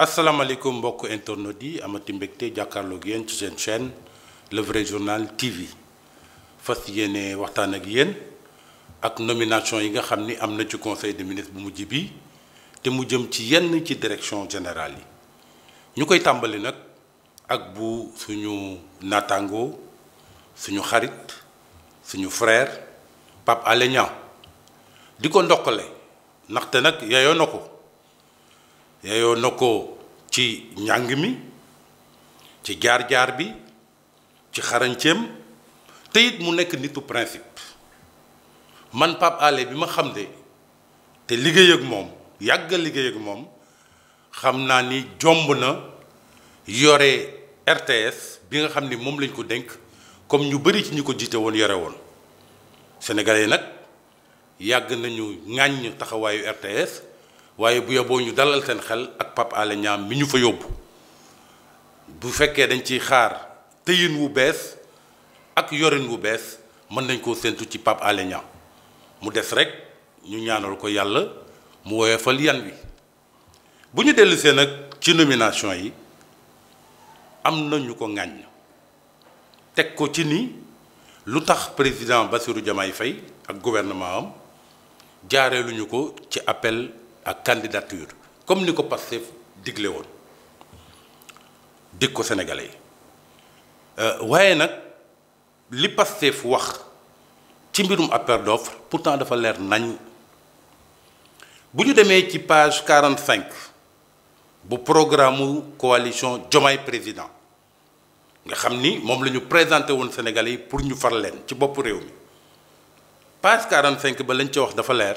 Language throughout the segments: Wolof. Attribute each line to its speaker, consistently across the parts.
Speaker 1: Assalamu alaikum, Boko Internodi, amati Matimbekte jàkkaarloog yéen ci le vrai journal TV fas yéene waxtaan ak ak nomination yi nga xam ni conseil des ministres bu mujj bi te mu jëm ci yenn ci direction générale Nous ñu koy tàmbali nag ak bu suñu Natango, suñu xarit suñu frère Pape Alé Niang di ko ndokkale ndaxte yeyoo na ko ci njàng mi ci jaar-jaar bi ci xarañceem te mu nekk nitu principe man Pape bi ma xam de te liggéey ak moom yàgg liggéey ak moom xam naa ni jomb na yore RTS bi nga xam ni moom lañ ko dénk comme ñu bari ci ñu ko jiite woon yore woon sénégalais nag yàgg nañu ŋàññ taxawaayu RTS waaye bu yoboo ñu dalal seen xel ak Pape Alé mi ñu fa yóbbu bu fekkee dañ ciy xaar tëyin wu bees ak yorin wu bees mën nañ koo séntu ci Pape Alé mu des rek ñu ñaanal ko yàlla mu woyofal yan wi bu ñu dellusee nag ci nomination yi am na ñu ko ŋàññ teg ko ci ni lu tax président Bassirou Diomaye Faye ak gouvernement am jaareeluñu ko ci appel ak candidature comme ni ko Pastef digle woon dig ko sénégalais euh wayé nak li Pastef wax ci mbirum appel d'offre pourtant dafa leer nañ bu ñu demee ci page 45 bu programme coalition jomay président nga xamni mom lañu présenter won présenté sénégalais pour ñu far leen ci bop réew mi page 45 ba lañ ci wax dafa leer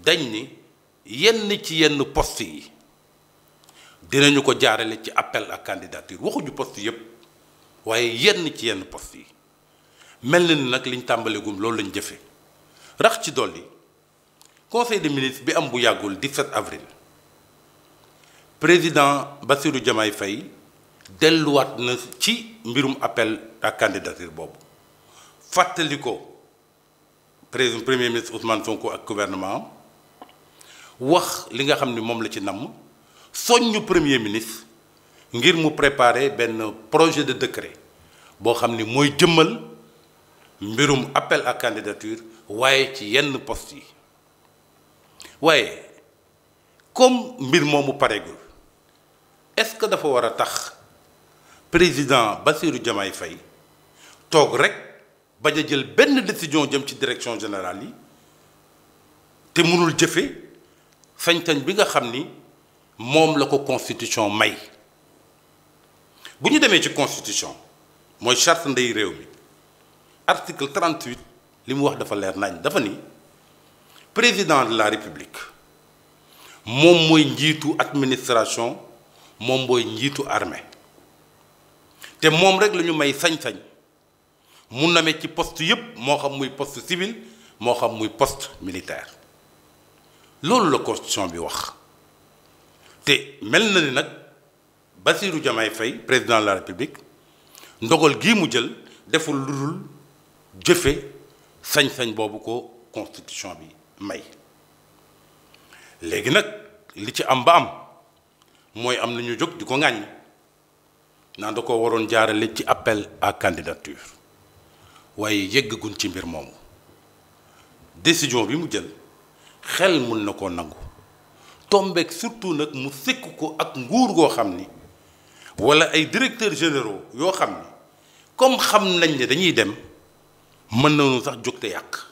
Speaker 1: dañ ni yenn ci yenn poste yi dinañu ko jaarale ci appel à candidature waxuñu poste yëpp waaye yenn ci yenn poste yi mel na ni nag liñ tàmbalegum loolu lañ jëfe rax ci dolli conseil des ministres bi am bu yàggul 17 avril président Bassirou Diomaye Faye delluwaat na ci mbirum appel à candidature boobu fàttali président premier ministre Ousmane Sonko ak gouvernement wax li nga xam ni moom la ci namm soññu premier ministre ngir mu préparer benn projet de décret boo xam ni mooy jëmmal mbirum appel à candidature waaye ci yenn poste yi waaye comme mbir moomu pareegul est-ce que dafa war a tax président Bassirou Diomaye fay toog rek ba a jël benn décision jëm ci direction générale yi te mënul jëfe sañ bi nga xam ni moom la ko constitution may bu ñu demee ci constitution mooy charte ndey réew mi article 38 li mu wax dafa leer nañ dafa ni président de la république moom mooy njiitu administration moom mooy njiitu armée te moom rek la ñu may sañ-sañ mu name ci poste yépp moo xam muy poste civil moo xam muy poste militaire loolu la constitution bi wax te mel na ni nag Bassirou Diomaye fay président de la république ndogal gii mu jël deful lu dul jëfe sañ-sañ boobu ko constitution bi may léegi nag li ci am ba am mooy am nañu ñu jóg di ko ŋàññ naan da ko waroon jaarale ci appel à candidature waaye gun ci mbir moomu décision bi mu jël xel mun na ko nangu tombeek surtout nak mu sëkk ko ak nguur go xamni wala ay directeurs généraux yo xamni comme xam nañ ne dañuy dem man na ñu sax jukte yak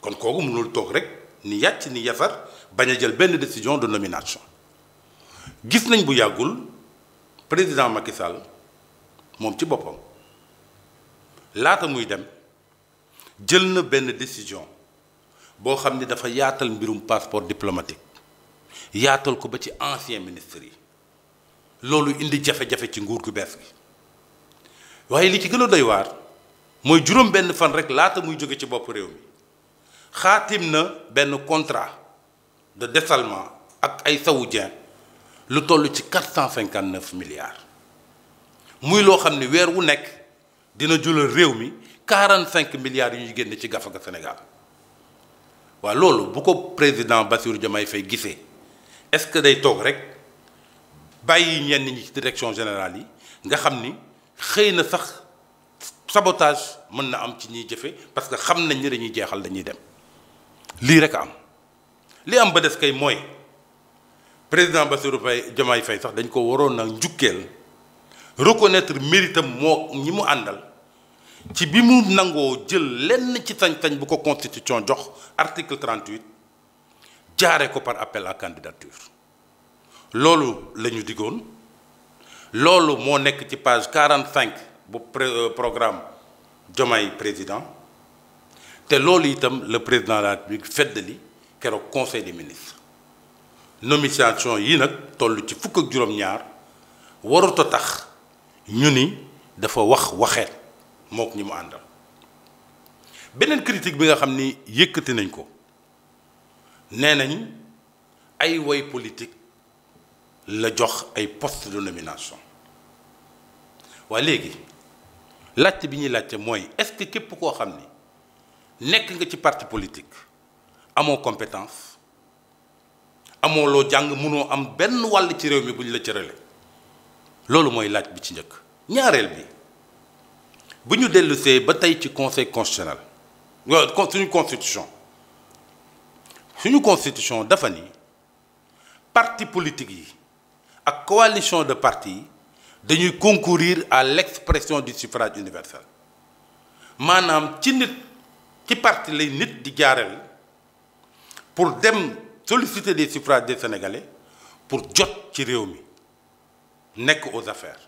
Speaker 1: kon kon mu lul tok rek ni yàcc ni yafar baña jël ben décision de nomination gis nañ bu yagul président Macky Sall mom ci boppam laata muy dem jël na ben décision boo xam ne dafa yaatal mbirum passeport diplomatique yaatal ko ba ci ancien ministre yi loolu indi jafe-jafe ci nguur gu bees gi waaye li ci gën a doy waar mooy juróom benn fan rek laata muy jóge ci bopp réew mi xaatim na benn contrat de dessalement ak ay sawu saoudien lu toll ci 459 milliards muy loo xam ne weer wu nekk dina julal réew mi 45 milliards yu ñu génne ci gafaga Sénégal waaw loolu bu ko président Bassirou Diomaye Faye gisee est-ce que day toog rek bàyyi ñenn ñi direction générale yi nga xam ni xëy sax sabotage mën na am ci ñuy jëfe parce que xam nañ ni dañuy jeexal dañuy dem lii rek a am li am ba des kay mooy président Bassirou Faye Diomaye Faye sax dañ ko waroon na njukkeel reconnaître méritam moo ñi mu andal ci bi mu nangoo lenn ci constitution article 38 jaare par appel à candidature loolu la est digoon loolu moo ci page 45 bu euh, programme jomay président itam le président de la République li conseil des ministres nomination yi nag toll ci fukk ak juróom tax mook ñi critique bi nga xam ni nañ ko nee nañ ay way politique la jox ay poste de nomination waaye léegi laajte bi est-ce que nga parti politique amoo compétence amoo loo jàng mënoo am benn wàll ci réew mi buñ la bi ci si nous avons ba tey ci conseil constitutionnel une constitution suñu constitution d'Afani, parti politique et ak coalition de partis qui dañuy concourir à l'expression du suffrage universel Je ci nit ci parti lay nit pour solliciter des suffrages des Sénégalais pour jot ci n'est aux affaires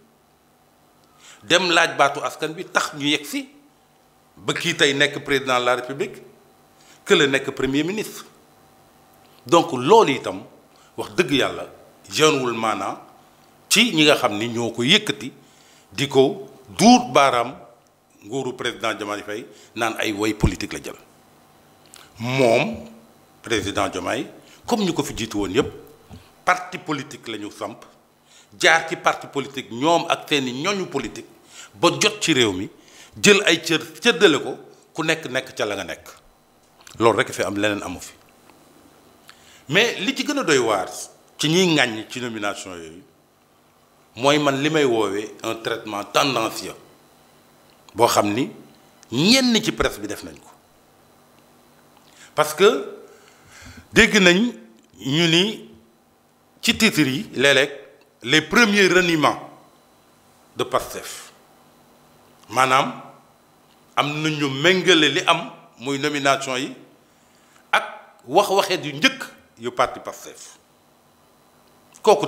Speaker 1: dem laaj baatu askan bi tax ñu yegg si ba kii tey nekk président la république que la nekk premier ministre donc loolu itam wax dëgg yàlla jeenwul maanaa ci ñi nga xam ni ñoo ko yëkkati di ko duur baaraam nguuru président Diomaye Faye naan ay woy politique la jël moom président Diomaye comme ñu ko fi jiitu woon yépp parti politique la ñu samp jaar ci parti politique ñoom ak seeni ñoñu politique ba jot ci réew mi jël ay cër cëddale ko ku nekk nekk ca la nga nekk loolu rek fi am leneen amu fi mais li ci gën a doy waar ci ñuy ŋàññ ci nomination yooyu mooy man li may woowee un traitement tendancieux boo xam ni ñenn ci presse bi def nañ ko parce que dégg nañ ñu ni ci titre yi léeg les premiers reniements de PASTEF Manam, am avons ñu am nomination ak wax-waxeet yu il yu parti PASTEF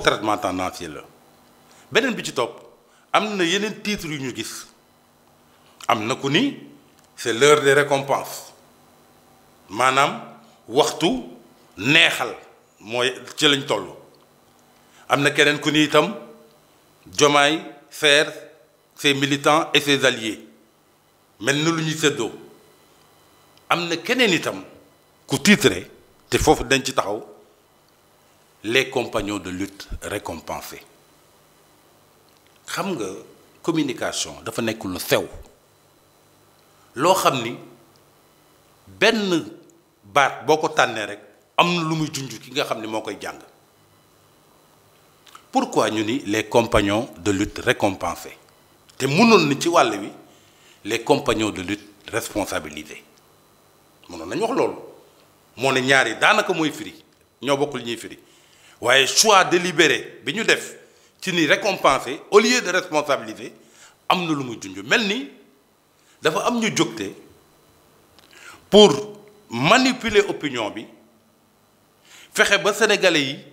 Speaker 1: traitement am nous avons titres am kuni, c'est l'heure des récompenses Manam waxtu neexal moye ci amna na keneen ku ni itam Diomaye fer ses militants et ses alliés mel ni lu ñuy séddoo am itam ku titré te foofu dañ ci taxaw les compagnons de lutte récompensés xam nga communication dafa nekk lu sew loo xam ni benn baat boo ko tànnee rek am na lu muy junj ki nga xam ni moo pourquoi nous les compagnons de lutte récompensés Et nous ni les compagnons de lutte responsabilisés Nous nañu wax loolu moo ne choix délibéré récompensé au lieu de responsabiliser nous sommes lu muy junj pour manipuler l'opinion bi que ba sénégalais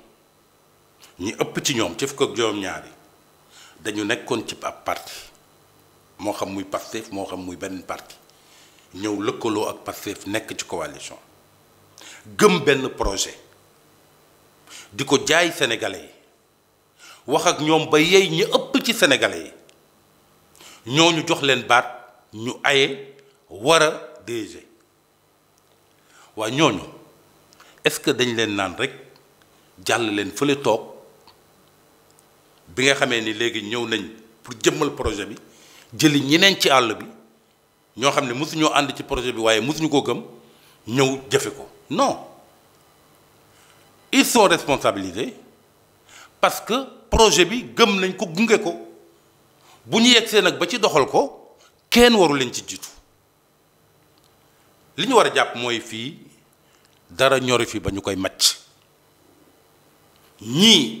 Speaker 1: ñi ëpp ci ñoom ci fukk ak juróom-ñaar dañu nekkoon ci ab parti moo xam muy Pastef moo xam muy benn parti ñëw lëkkaloo ak Pastef nekk ci coalition gëm benn projet di ko jaay sénégalais yi wax ak ñoom ba yey ñi ëpp ci sénégalais yi ñoo ñu jox leen baat ñu aye war a DG waa ñooñu est-ce que dañ leen naan rek jàll leen fële toog. bi nga xamee ni léegi ñëw nañ pour jëmmal projet bi jëli ñeneen ci àll bi ñoo xam ne mosuñoo ànd ci projet bi waaye mosuñu koo gëm ñëw jëfe ko non ils sont responsabilisés parce que projet bi gëm nañ ko gunge ko bu ñu yegsee nag ba ci doxal ko kenn waru leen ci jiitu li ñu war a jàpp mooy fii dara ñori fii ba ñu koy màcc ñii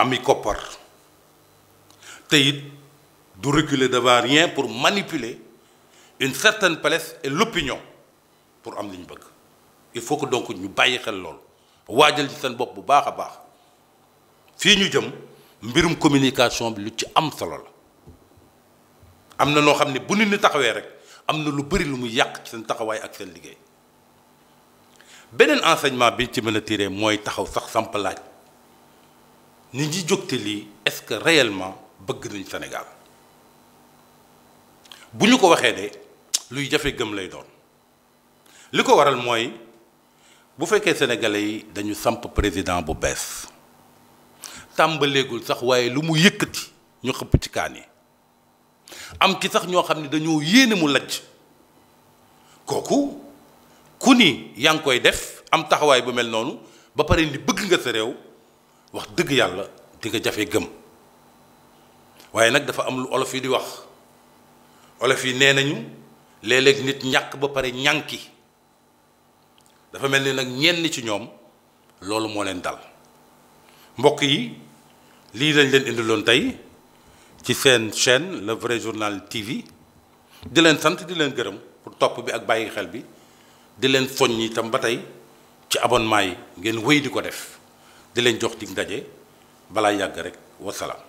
Speaker 1: am koppar te it du reculer devant rien pour manipuler une certaine place et l'opinion pour am li ñu bëgg il faut que donc ñu bàyyi xel loolu waajal ci seen bopp bu baax a baax fii ñu jëm mbirum communication bi lu ci am solo la am na noo xam ne bu nit ñi taxawee rek am na lu bëri lu muy yàq ci seen taxawaay ak seen liggéey beneen enseignement bi ci mën a tiré mooy taxaw sax samp nit ñi jógte lii est-ce que réellement bëgg nañ senegal bu ñu ko waxee de luy jafe gëm lay doon li ko waral mooy bu fekkee sénégalais yi dañu samp président bu bees tàmbaleegul sax waaye lu mu yëkkati ñu xëpp ci kaani am ci sax ñoo xam ne dañoo yéene mu lajj kooku ku ni yaa ngi koy def am taxawaay bu mel noonu ba pare ni bëgg nga sa réew. wax dëgg yàlla di jafe gëm waaye nag dafa am lu olof yi di wax olof yi nee nañu léeg nit ñàkk ba pare ñànki dafa mel ni nag ñenn ci ñoom loolu moo leen dal mbokk yi lii lañ leen indiloon tey ci seen chaîne la vrai journal TV di leen sant di leen gërëm pour topp bi ak bàyyi xel bi di leen soññ itam ba tey ci abonnement yi ngeen wéy di ko def di leen jox dig ndaje balaa yàgg rek wasalaam.